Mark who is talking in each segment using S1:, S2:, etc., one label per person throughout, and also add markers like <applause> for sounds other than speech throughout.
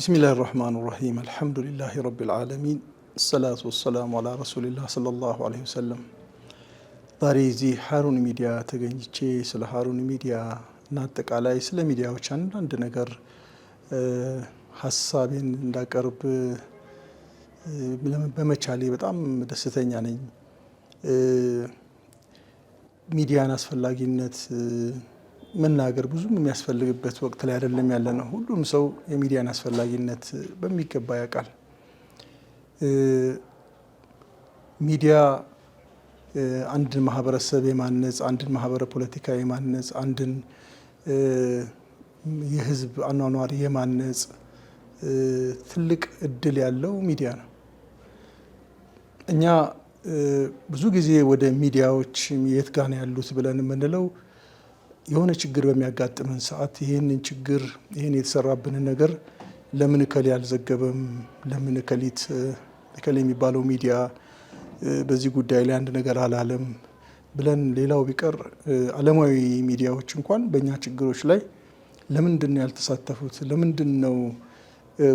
S1: ቢስሚላህ ራህማን ራሂም አልሐምዱሊላህ ረቢል ዓለሚን ሰላቱ ወሰላሙ الله ረሱሊላህ ሰለላሁ አለይሂ ወሰለም። ዛሬ እዚህ ሀሩን ሚዲያ ተገኝቼ ስለ ሀሩን ሚዲያ እና አጠቃላይ ስለ ሚዲያዎች አንዳንድ ነገር ሀሳቤን እንዳቀርብ በመቻሌ በጣም ደስተኛ ነኝ። ሚዲያን አስፈላጊነት መናገር ብዙም የሚያስፈልግበት ወቅት ላይ አይደለም ያለ ነው። ሁሉም ሰው የሚዲያን አስፈላጊነት በሚገባ ያውቃል። ሚዲያ አንድን ማህበረሰብ የማነጽ አንድን ማህበረ ፖለቲካ የማነጽ አንድን የህዝብ አኗኗሪ የማነጽ ትልቅ እድል ያለው ሚዲያ ነው። እኛ ብዙ ጊዜ ወደ ሚዲያዎች የት ጋን ያሉት ብለን የምንለው የሆነ ችግር በሚያጋጥመን ሰዓት ይህንን ችግር ይህን የተሰራብንን ነገር ለምን እከሌ አልዘገበም፣ ለምን እከሊት እከሌ የሚባለው ሚዲያ በዚህ ጉዳይ ላይ አንድ ነገር አላለም ብለን ሌላው ቢቀር ዓለማዊ ሚዲያዎች እንኳን በእኛ ችግሮች ላይ ለምንድን ነው ያልተሳተፉት፣ ለምንድን ነው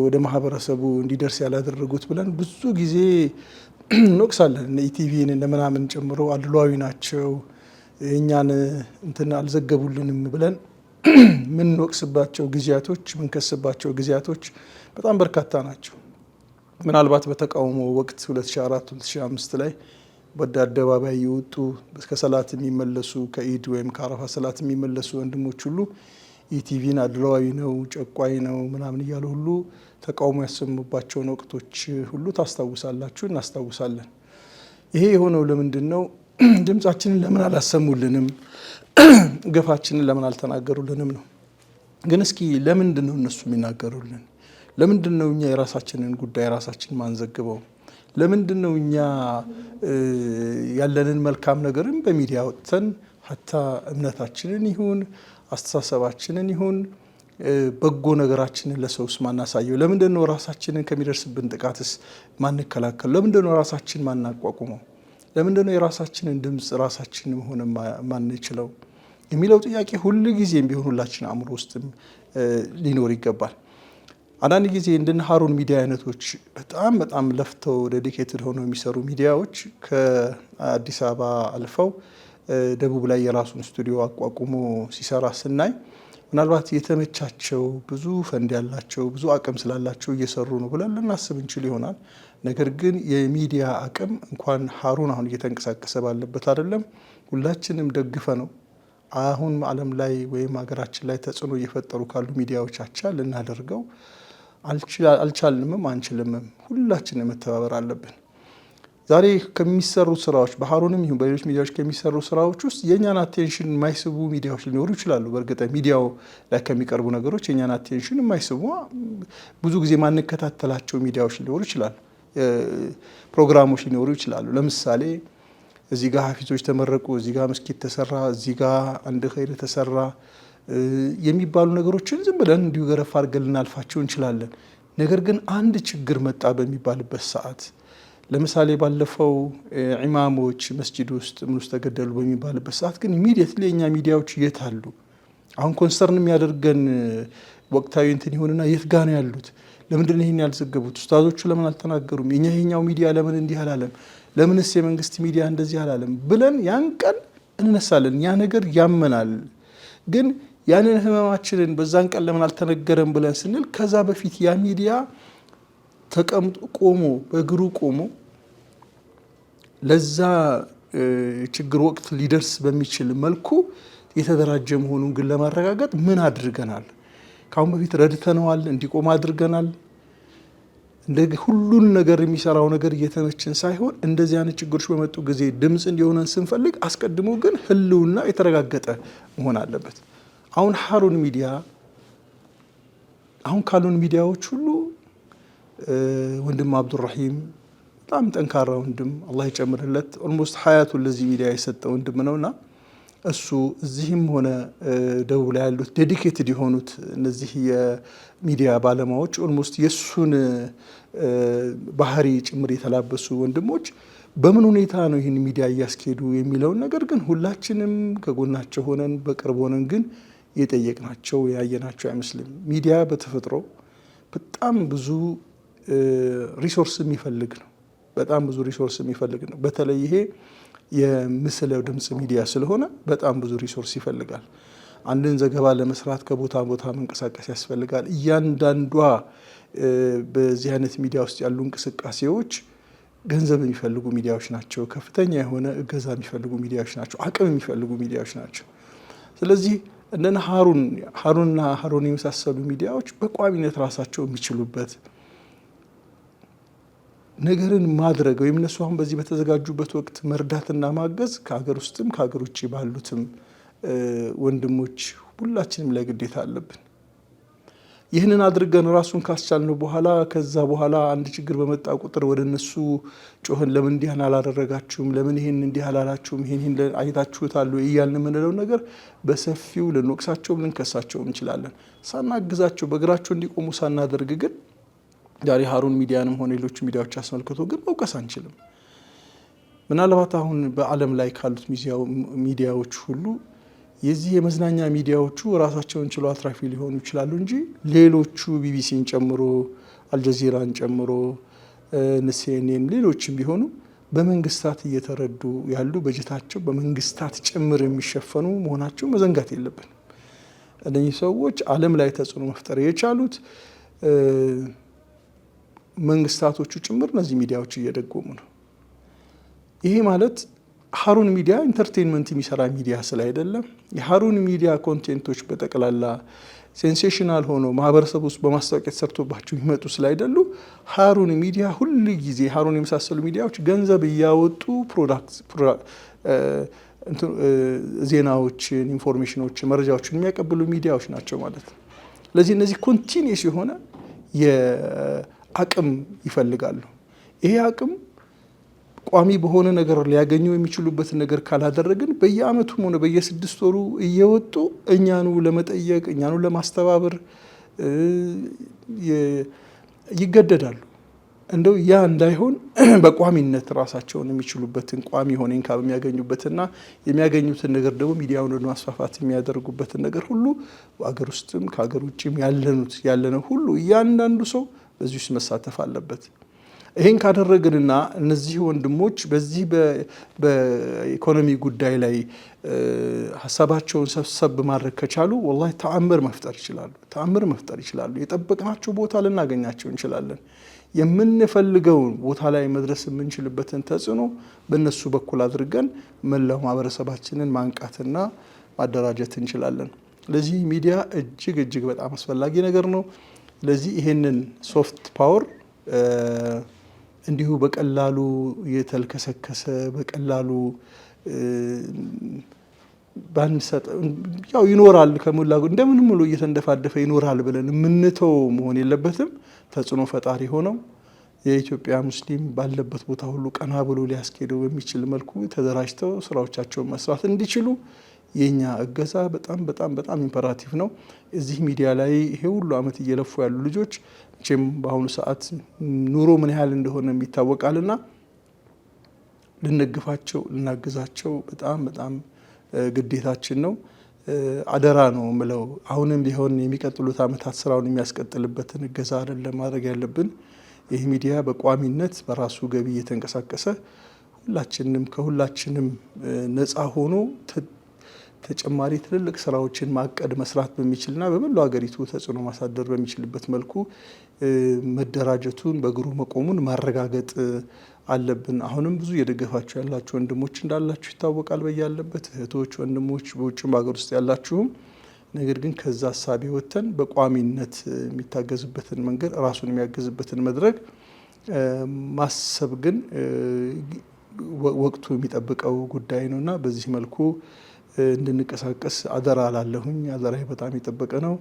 S1: ወደ ማህበረሰቡ እንዲደርስ ያላደረጉት ብለን ብዙ ጊዜ <clears throat> እንወቅሳለን። ኢቲቪን ለምናምን ጨምሮ አድሏዊ ናቸው እኛን እንትን አልዘገቡልንም ብለን <clears throat> ምንወቅስባቸው ጊዜያቶች ምንከስባቸው ጊዜያቶች በጣም በርካታ ናቸው። ምናልባት በተቃውሞ ወቅት 2004 2005 ላይ ወደ አደባባይ የወጡ ከሰላት የሚመለሱ ከኢድ ወይም ከአረፋ ሰላት የሚመለሱ ወንድሞች ሁሉ ኢቲቪን አድሏዊ ነው፣ ጨቋይ ነው ምናምን እያሉ ሁሉ ተቃውሞ ያሰሙባቸውን ወቅቶች ሁሉ ታስታውሳላችሁ፣ እናስታውሳለን። ይሄ የሆነው ለምንድን ነው? <clears throat> ድምፃችንን ለምን አላሰሙልንም፣ <clears throat> ግፋችንን ለምን አልተናገሩልንም ነው። ግን እስኪ ለምንድን ነው እነሱ የሚናገሩልን? ለምንድን ነው እኛ የራሳችንን ጉዳይ ራሳችን ማንዘግበው? ለምንድን ነው እኛ ያለንን መልካም ነገርን በሚዲያ ወጥተን ሀታ እምነታችንን ይሁን አስተሳሰባችንን ይሁን በጎ ነገራችንን ለሰውስ ማናሳየው? ለምንድን ነው ራሳችንን ከሚደርስብን ጥቃትስ ማንከላከል? ለምንድን ነው ራሳችን ማናቋቁመው? ለምንድነው የራሳችንን ድምፅ ራሳችን መሆን ማንችለው የሚለው ጥያቄ ሁል ጊዜም ቢሆን ሁላችን አእምሮ ሊኖር ይገባል። አንዳንድ ጊዜ እንደ ሀሩን ሚዲያ አይነቶች በጣም በጣም ለፍተው ዴዲኬትድ ሆነው የሚሰሩ ሚዲያዎች ከአዲስ አበባ አልፈው ደቡብ ላይ የራሱን ስቱዲዮ አቋቁሞ ሲሰራ ስናይ ምናልባት የተመቻቸው ብዙ ፈንድ ያላቸው ብዙ አቅም ስላላቸው እየሰሩ ነው ብለን ልናስብ እንችል ይሆናል። ነገር ግን የሚዲያ አቅም እንኳን ሀሩን አሁን እየተንቀሳቀሰ ባለበት አይደለም፣ ሁላችንም ደግፈ ነው አሁን ዓለም ላይ ወይም ሀገራችን ላይ ተጽዕኖ እየፈጠሩ ካሉ ሚዲያዎች አቻ ልናደርገው አልቻልንምም አንችልምም። ሁላችንም መተባበር አለብን። ዛሬ ከሚሰሩ ስራዎች በሀሩንም ይሁን በሌሎች ሚዲያዎች ከሚሰሩ ስራዎች ውስጥ የእኛን አቴንሽን የማይስቡ ሚዲያዎች ሊኖሩ ይችላሉ። በእርግጠ ሚዲያው ላይ ከሚቀርቡ ነገሮች የእኛን አቴንሽን የማይስቡ ብዙ ጊዜ ማንከታተላቸው ሚዲያዎች ሊኖሩ ይችላሉ። ፕሮግራሞች ሊኖሩ ይችላሉ። ለምሳሌ እዚህ ጋር ሀፊዞች ተመረቁ፣ እዚህ ጋር መስጊድ ተሰራ፣ እዚህ ጋር አንድ ኸይር ተሰራ የሚባሉ ነገሮችን ዝም ብለን እንዲሁ ገረፍ አድርገን ልናልፋቸው እንችላለን። ነገር ግን አንድ ችግር መጣ በሚባልበት ሰዓት ለምሳሌ ባለፈው ኢማሞች መስጂድ ውስጥ ምን ውስጥ ተገደሉ በሚባልበት ሰዓት ግን ኢሚዲየትሊ የእኛ ሚዲያዎች የት አሉ? አሁን ኮንሰርን የሚያደርገን ወቅታዊ እንትን ይሆንና የት ጋ ነው ያሉት? ለምንድን ይህን ያልዘገቡት? ኡስታዞቹ ለምን አልተናገሩም? የኛ ይሄኛው ሚዲያ ለምን እንዲህ አላለም? ለምንስ የመንግስት ሚዲያ እንደዚህ አላለም? ብለን ያን ቀን እንነሳለን። ያ ነገር ያመናል። ግን ያንን ህመማችንን በዛን ቀን ለምን አልተነገረም ብለን ስንል ከዛ በፊት ያ ሚዲያ ተቀምጦ ቆሞ በእግሩ ቆሞ ለዛ ችግር ወቅት ሊደርስ በሚችል መልኩ የተደራጀ መሆኑን ግን ለማረጋገጥ ምን አድርገናል? ከአሁን በፊት ረድተነዋል፣ እንዲቆም አድርገናል። እንደ ሁሉን ነገር የሚሰራው ነገር እየተመችን ሳይሆን እንደዚህ አይነት ችግሮች በመጡ ጊዜ ድምፅ እንዲሆነን ስንፈልግ አስቀድሞ ግን ህልውና የተረጋገጠ መሆን አለበት። አሁን ሀሩን ሚዲያ አሁን ካሉን ሚዲያዎች ሁሉ ወንድም አብዱራሂም በጣም ጠንካራ ወንድም አላህ ይጨምርለት ኦልሞስት ሀያቱን ለዚህ ሚዲያ የሰጠ ወንድም ነውና እሱ እዚህም ሆነ ደቡብ ላይ ያሉት ዴዲኬትድ የሆኑት እነዚህ የሚዲያ ባለሙያዎች ኦልሞስት የእሱን ባህሪ ጭምር የተላበሱ ወንድሞች በምን ሁኔታ ነው ይህን ሚዲያ እያስኬዱ የሚለውን ነገር ግን ሁላችንም ከጎናቸው ሆነን በቅርብ ሆነን ግን የጠየቅናቸው ያየናቸው አይመስልም። ሚዲያ በተፈጥሮ በጣም ብዙ ሪሶርስ የሚፈልግ ነው። በጣም ብዙ ሪሶርስ የሚፈልግ ነው። በተለይ ይሄ የምስለ ድምጽ ሚዲያ ስለሆነ በጣም ብዙ ሪሶርስ ይፈልጋል። አንድን ዘገባ ለመስራት ከቦታ ቦታ መንቀሳቀስ ያስፈልጋል። እያንዳንዷ በዚህ አይነት ሚዲያ ውስጥ ያሉ እንቅስቃሴዎች ገንዘብ የሚፈልጉ ሚዲያዎች ናቸው። ከፍተኛ የሆነ እገዛ የሚፈልጉ ሚዲያዎች ናቸው። አቅም የሚፈልጉ ሚዲያዎች ናቸው። ስለዚህ እንደ ሀሩን ሀሩንና ሀሩን የመሳሰሉ ሚዲያዎች በቋሚነት ራሳቸው የሚችሉበት ነገርን ማድረግ ወይም እነሱ አሁን በዚህ በተዘጋጁበት ወቅት መርዳትና ማገዝ ከሀገር ውስጥም ከሀገር ውጭ ባሉትም ወንድሞች ሁላችንም ላይ ግዴታ አለብን። ይህንን አድርገን ራሱን ካስቻልነው በኋላ ከዛ በኋላ አንድ ችግር በመጣ ቁጥር ወደ እነሱ ጮህን፣ ለምን እንዲህን አላደረጋችሁም፣ ለምን ይህን እንዲህ አላላችሁም፣ ይህን አይታችሁታሉ እያልን የምንለው ነገር በሰፊው ልንወቅሳቸውም ልንከሳቸውም እንችላለን። ሳናግዛቸው በእግራቸው እንዲቆሙ ሳናደርግ ግን ዛሬ ሀሩን ሚዲያንም ሆነ ሌሎች ሚዲያዎች አስመልክቶ ግን መውቀስ አንችልም። ምናልባት አሁን በዓለም ላይ ካሉት ሚዲያዎች ሁሉ የዚህ የመዝናኛ ሚዲያዎቹ ራሳቸውን ችሎ አትራፊ ሊሆኑ ይችላሉ እንጂ ሌሎቹ ቢቢሲን ጨምሮ አልጀዚራን ጨምሮ ንሴኔን ሌሎችም ቢሆኑ በመንግስታት እየተረዱ ያሉ በጀታቸው በመንግስታት ጭምር የሚሸፈኑ መሆናቸው መዘንጋት የለብን። እነዚህ ሰዎች ዓለም ላይ ተጽዕኖ መፍጠር የቻሉት መንግስታቶቹ ጭምር እነዚህ ሚዲያዎች እየደጎሙ ነው። ይሄ ማለት ሀሩን ሚዲያ ኢንተርቴንመንት የሚሰራ ሚዲያ ስላይደለም የሀሩን ሚዲያ ኮንቴንቶች በጠቅላላ ሴንሴሽናል ሆኖ ማህበረሰብ ውስጥ በማስታወቂያ ተሰርቶባቸው የሚመጡ ስላይደሉ ሀሩን ሚዲያ ሁል ጊዜ ሀሩን የመሳሰሉ ሚዲያዎች ገንዘብ እያወጡ ዜናዎችን፣ ኢንፎርሜሽኖችን፣ መረጃዎችን የሚያቀብሉ ሚዲያዎች ናቸው ማለት ነው። ለዚህ እነዚህ ኮንቲኒስ የሆነ አቅም ይፈልጋሉ። ይሄ አቅም ቋሚ በሆነ ነገር ሊያገኙ የሚችሉበትን ነገር ካላደረግን በየአመቱም ሆነ በየስድስት ወሩ እየወጡ እኛኑ ለመጠየቅ እኛኑ ለማስተባበር ይገደዳሉ። እንደው ያ እንዳይሆን <clears throat> በቋሚነት ራሳቸውን የሚችሉበትን ቋሚ የሆነ ኢንካም የሚያገኙበትና የሚያገኙትን ነገር ደግሞ ሚዲያውን ለማስፋፋት የሚያደርጉበትን ነገር ሁሉ በአገር ውስጥም ከሀገር ውጭም ያለኑት ያለነው ሁሉ እያንዳንዱ ሰው በዚህ ውስጥ መሳተፍ አለበት። ይህን ካደረግንና እነዚህ ወንድሞች በዚህ በኢኮኖሚ ጉዳይ ላይ ሀሳባቸውን ሰብሰብ ማድረግ ከቻሉ ወላሂ ተአምር መፍጠር ይችላሉ። ተአምር መፍጠር ይችላሉ። የጠበቅናቸው ቦታ ልናገኛቸው እንችላለን። የምንፈልገውን ቦታ ላይ መድረስ የምንችልበትን ተጽዕኖ በእነሱ በኩል አድርገን መላው ማህበረሰባችንን ማንቃትና ማደራጀት እንችላለን። ለዚህ ሚዲያ እጅግ እጅግ በጣም አስፈላጊ ነገር ነው። ስለዚህ ይሄንን ሶፍት ፓወር እንዲሁ በቀላሉ የተልከሰከሰ በቀላሉ ያው ይኖራል ከሞላ እንደምን ሙሉ እየተንደፋደፈ ይኖራል ብለን የምንተው መሆን የለበትም። ተጽዕኖ ፈጣሪ ሆነው የኢትዮጵያ ሙስሊም ባለበት ቦታ ሁሉ ቀና ብሎ ሊያስኬደው በሚችል መልኩ ተደራጅተው ስራዎቻቸውን መስራት እንዲችሉ የኛ እገዛ በጣም በጣም በጣም ኢምፐራቲቭ ነው። እዚህ ሚዲያ ላይ ይሄ ሁሉ አመት እየለፉ ያሉ ልጆች መቼም በአሁኑ ሰዓት ኑሮ ምን ያህል እንደሆነ ይታወቃልና ልንግፋቸው፣ ልናግዛቸው በጣም በጣም ግዴታችን ነው። አደራ ነው ምለው። አሁንም ቢሆን የሚቀጥሉት አመታት ስራውን የሚያስቀጥልበትን እገዛ አይደለም ማድረግ ያለብን። ይህ ሚዲያ በቋሚነት በራሱ ገቢ እየተንቀሳቀሰ ሁላችንም ከሁላችንም ነፃ ሆኖ ተጨማሪ ትልልቅ ስራዎችን ማቀድ መስራት በሚችልና በመላው ሀገሪቱ ተጽዕኖ ማሳደር በሚችልበት መልኩ መደራጀቱን በእግሩ መቆሙን ማረጋገጥ አለብን። አሁንም ብዙ እየደገፋችሁ ያላችሁ ወንድሞች እንዳላችሁ ይታወቃል። በያለበት እህቶች፣ ወንድሞች በውጭም በሀገር ውስጥ ያላችሁም ነገር ግን ከዛ ሀሳቢ ወጥተን በቋሚነት የሚታገዝበትን መንገድ ራሱን የሚያገዝበትን መድረክ ማሰብ ግን ወቅቱ የሚጠብቀው ጉዳይ ነውና በዚህ መልኩ እንድንቀሳቀስ አደራ ላለሁኝ አደራ በጣም የጠበቀ ነው።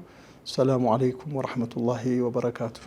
S1: ሰላሙ አለይኩም ወረሕመቱላሂ ወበረካቱ።